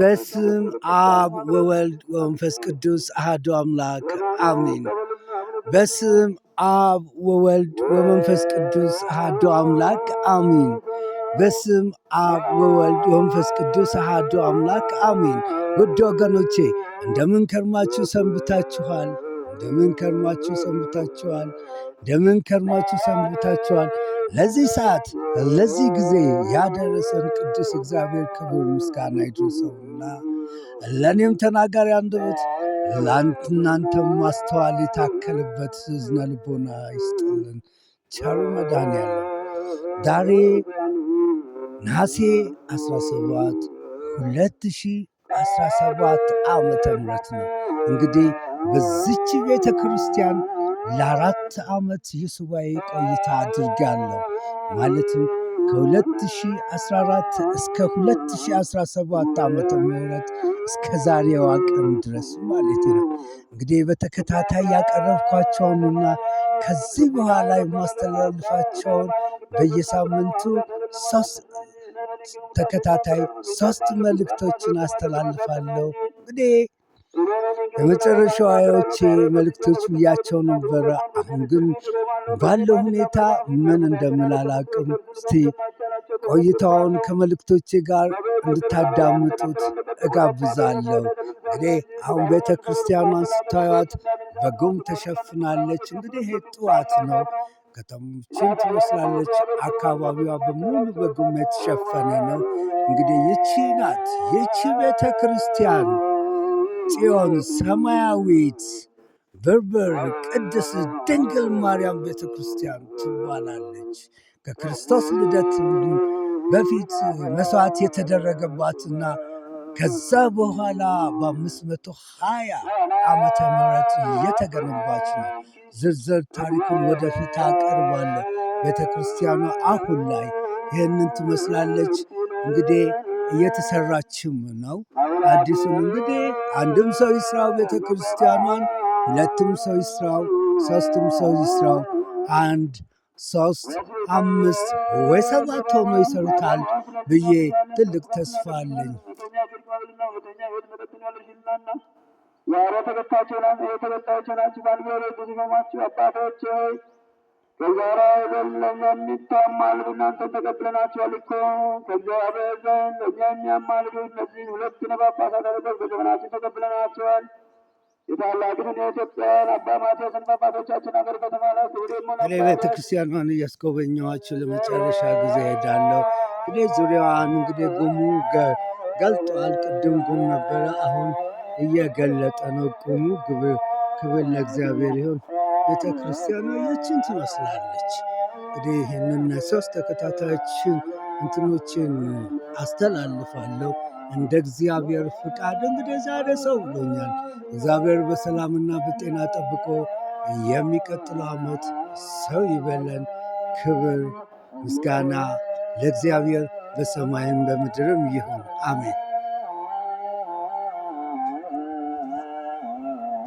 በስም አብ ወወልድ ወመንፈስ ቅዱስ አህዶ አምላክ አሜን። በስም አብ ወወልድ ወመንፈስ ቅዱስ አህዶ አምላክ አሜን። በስም አብ ወወልድ ወመንፈስ ቅዱስ አህዶ አምላክ አሜን። ውድ ወገኖቼ እንደምን ከርማችሁ ሰንብታችኋል? እንደምን ከርማችሁ ሰንብታችኋል? እንደምን ከርማችሁ ሰንብታችኋል? ለዚህ ሰዓት ለዚህ ጊዜ ያደረሰን ቅዱስ እግዚአብሔር ክብር ምስጋና ይድረሰውና ለእኔም ተናጋሪ አንደበት ለእናንተም ማስተዋል የታከልበት እዝነ ልቦና ይስጥልን ቸሩ መድኃኔዓለም። ዛሬ ነሐሴ 17 2017 ዓመተ ምህረት ነው። እንግዲህ በዚች ቤተ ክርስቲያን ለአራት ዓመት የሱባኤ ቆይታ አድርጋለሁ። ማለትም ከ2014 እስከ 2017 ዓመተ ምህረት እስከ ዛሬዋ ቀን ድረስ ማለት ነው። እንግዲህ በተከታታይ ያቀረብኳቸውንና ከዚህ በኋላ የማስተላልፋቸውን በየሳምንቱ ተከታታይ ሶስት መልእክቶችን አስተላልፋለሁ እንግዲህ የመጨረሻው አያዎቼ መልእክቶች ብያቸው ነበረ። አሁን ግን ባለው ሁኔታ ምን እንደምል አላቅም። እስቲ ቆይታውን ከመልእክቶቼ ጋር እንድታዳምጡት እጋብዛለሁ። እንግዲህ አሁን ቤተ ክርስቲያኗን ስታዩት በጉም ተሸፍናለች። እንግዲህ ጥዋት ነው። ከተሞችን ትመስላለች። አካባቢዋ በሙሉ በጉም የተሸፈነ ነው። እንግዲህ ይቺ ናት፣ ይቺ ቤተ ክርስቲያን ጽዮን ሰማያዊት ብርብር ቅድስ ድንግል ማርያም ቤተ ክርስቲያን ትባላለች። ከክርስቶስ ልደት በፊት መስዋዕት የተደረገባትና ከዛ በኋላ በአምስት መቶ ሀያ ዓመተ ምህረት የተገነባች ነው። ዝርዝር ታሪኩን ወደፊት አቀርባለሁ። ቤተ ክርስቲያኗ አሁን ላይ ይህንን ትመስላለች። እንግዲህ እየተሰራችም ነው። አዲስም እንግዲህ አንድም ሰው ይስራው ቤተ ክርስቲያኗን፣ ሁለትም ሰው ይስራው፣ ሶስትም ሰው ይስራው። አንድ ሶስት አምስት ወይ ሰባት ሆኖ ይሰሩታል ብዬ ትልቅ ተስፋ አለኝ። የተከታዮች ናችሁ ባልቤ ብዙ አባቶች በጋራ አይደለም የሚታማል እናንተ ተቀብለናቸዋል እኮ ከእግዚአብሔር ዘንድ እኛ የሚያማልዱ እነዚህን ሁለት አድርገን በዘመናችን ተቀብለናቸዋል። የታላቅን የኢትዮጵያን አባ አባቶቻችን እያስጎበኘኋቸው ለመጨረሻ ጊዜ ሄዳለሁ። እንግዲህ ዙሪያዋን እንግዲህ ጉሙ ገልጧል። ቅድም ጉም ነበረ፣ አሁን እየገለጠ ነው። ጉሙ ክብር ለእግዚአብሔር ይሁን። ቤተ ክርስቲያናችን ትመስላለች። እንግዲህ ይህንን ሶስት ተከታታዮችን እንትኖችን አስተላልፋለሁ። እንደ እግዚአብሔር ፍቃድ እንግዲህ ዛሬ ሰው ብሎኛል። እግዚአብሔር በሰላምና በጤና ጠብቆ የሚቀጥለው ዓመት ሰው ይበለን። ክብር ምስጋና ለእግዚአብሔር በሰማይም በምድርም ይሁን፣ አሜን።